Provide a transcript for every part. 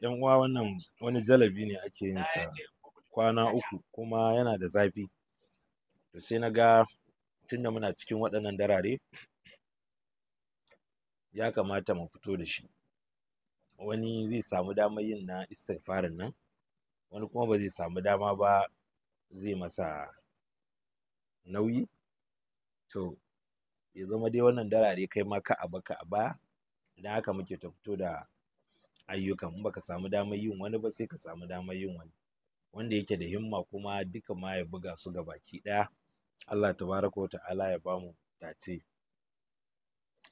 yan uwa wannan wani jalabi ne ake yin sa kwana uku kuma yana da zafi to sai na ga tunda muna cikin waɗannan darare ya kamata mu fito da shi wani zai samu damar yin na istighfarin nan wani kuma ba zai samu dama ba zai masa nauyi to ya zama dai wannan darare kai ma ka a baka a baya idan haka muke ta fito da ayyukan in baka samu damar yin wani ba sai ka samu damar yin wani wanda yake da himma kuma duka ma ya buga su ga baki ɗaya Allah tabaraka ta'ala ya bamu dace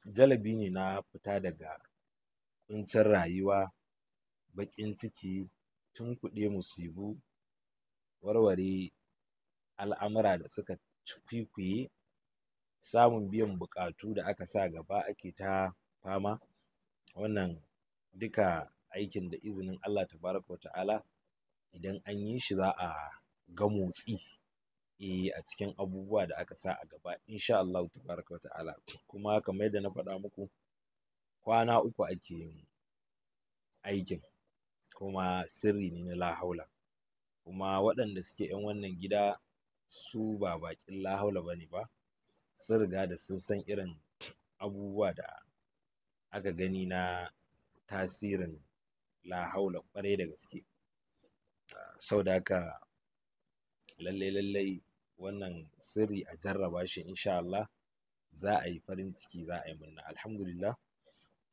jalabi ne na fita daga ƙuncin rayuwa bakin ciki tun kude musibu warware al'amura da suka kwikwiye samun biyan bukatu da aka sa gaba ake ta fama wannan duka aikin da izinin Allah baraka wa ta'ala idan an yi shi za a ga motsi eh a cikin abubuwa da aka sa a gaba insha Allah baraka wa ta'ala kuma kamar yadda na faɗa muku kwana uku ake yin aikin kuma sirri ne na lahaula kuma waɗanda suke 'yan wannan gida su ba baƙin lahaula ba ne ba sun riga da sun san irin abubuwa da aka gani na tasirin lahaula kwarai da gaske sau da haka lallai lallai wannan sirri a jarraba shi insha Allah za a yi farin ciki za a yi murna alhamdulillah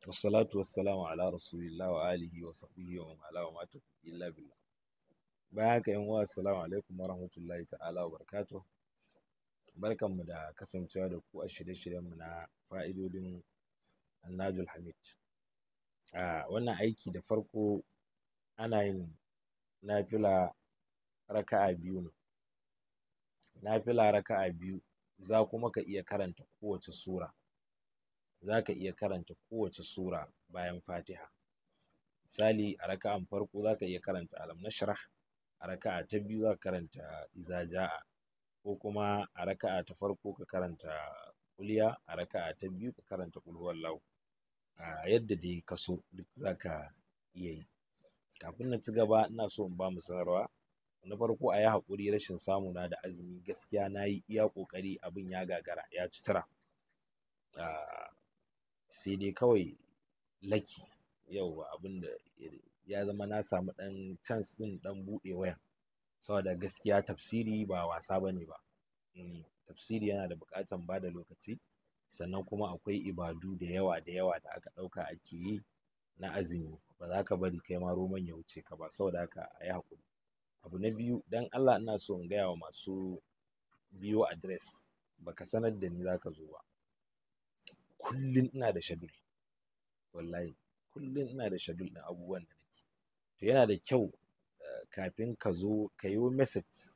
wassalatu wassalamu ala rasulillah wa alihi wa sahbihi wa man ala wa ma illa billah bayan haka yan uwa assalamu alaikum wa rahmatullahi ta'ala wa barakatuh barkanmu da kasancewa da ku a shirye shiryen mu na fa'idodin annajul hamid a wannan aiki da farko ana yin nafila raka'a biyu ne nafila raka'a biyu za kuma ka iya karanta kowace sura za ka iya karanta kowace sura bayan fatiha misali a raka'an farko za ka iya karanta alam nashrah a raka'a ta biyu za ka karanta iza ja'a ko kuma a raka'a ta farko ka karanta kulya a raka'a ta biyu ka karanta qul a yadda dai ka so duk za ka iya yi kafin na ci gaba ina so in ba mu sanarwa na farko a yi haƙuri rashin samu na da azumi gaskiya na yi iya ƙoƙari abin ya gagara ya ci tura sai dai kawai laki yau abin da ya zama na samu ɗan chance ɗin ɗan buɗe wayan saboda gaskiya tafsiri ba wasa ba ne hmm, ba tafsiri yana da buƙatar ba da lokaci sannan kuma akwai ibadu da yawa da yawa da aka ɗauka ake yi na azumi ba za ka bari kai ma roman ya wuce ka ba saboda haka a yi haƙuri abu na biyu dan Allah ina so in gaya wa masu biyo adres baka sanar da ni za ka zo ba kullum ina da shadul wallahi kullum ina da shadul ɗin abubuwan da nake to yana da kyau eh, kafin ka zo ka yi message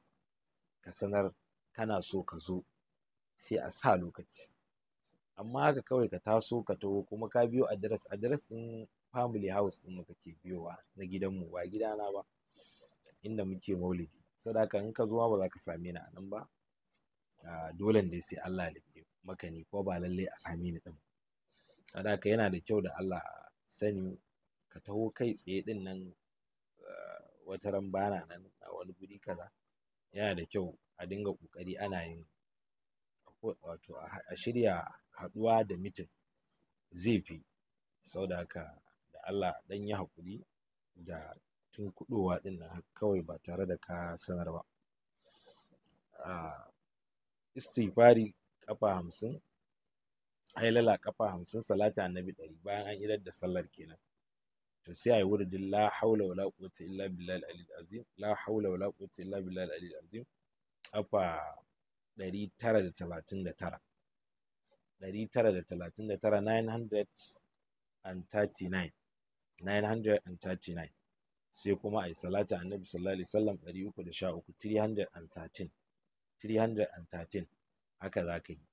ka sanar kana so ka zo sai a sa lokaci amma haka kawai ka taso ka taho kuma ka biyo adres adres din family house ɗin mu ke biyowa na gidanmu ba gidana ba inda muke maulidi sadaka haka in ka zuwa ba za ka same ni a nan ba dole dai sai Allah ya libe maka ni ko ba lallai a same ni ɗin saboda haka yana da kyau da Allah sani ka taho kai tsaye dinnan nan wata ran bana nan a wani guri kaza yana da kyau a dinga kokari ana yin wato a shirya haɗuwa da mitin zai fi sau da haka da Allah ɗan yi haƙuri da tun kuɗowa ɗin nan kawai ba tare da ka sanar ba Istifari ƙafa hamsin hailala ƙafa hamsin salati annabi ɗari bayan an idar da sallar kenan to sai ayi wuridin la haula wala quwwata illa billahi al-aliyyil azim la haula wala quwwata illa billahi al-aliyyil azim ƙafa ɗari tara da talatin da tara ɗari tara da talatin da tara sai kuma ayi salati annabi sallallahu alaihi wasallam ɗari uku da sha uku three haka za ka yi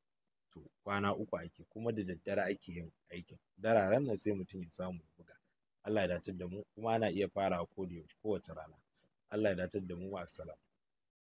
to kwana uku ake kuma da daddare ake yin aikin dararen nan sai mutum ya samu ya buga Allah ya datar da mu kuma ana iya farawa ko da kowace rana Allah ya datar da mu ma assalam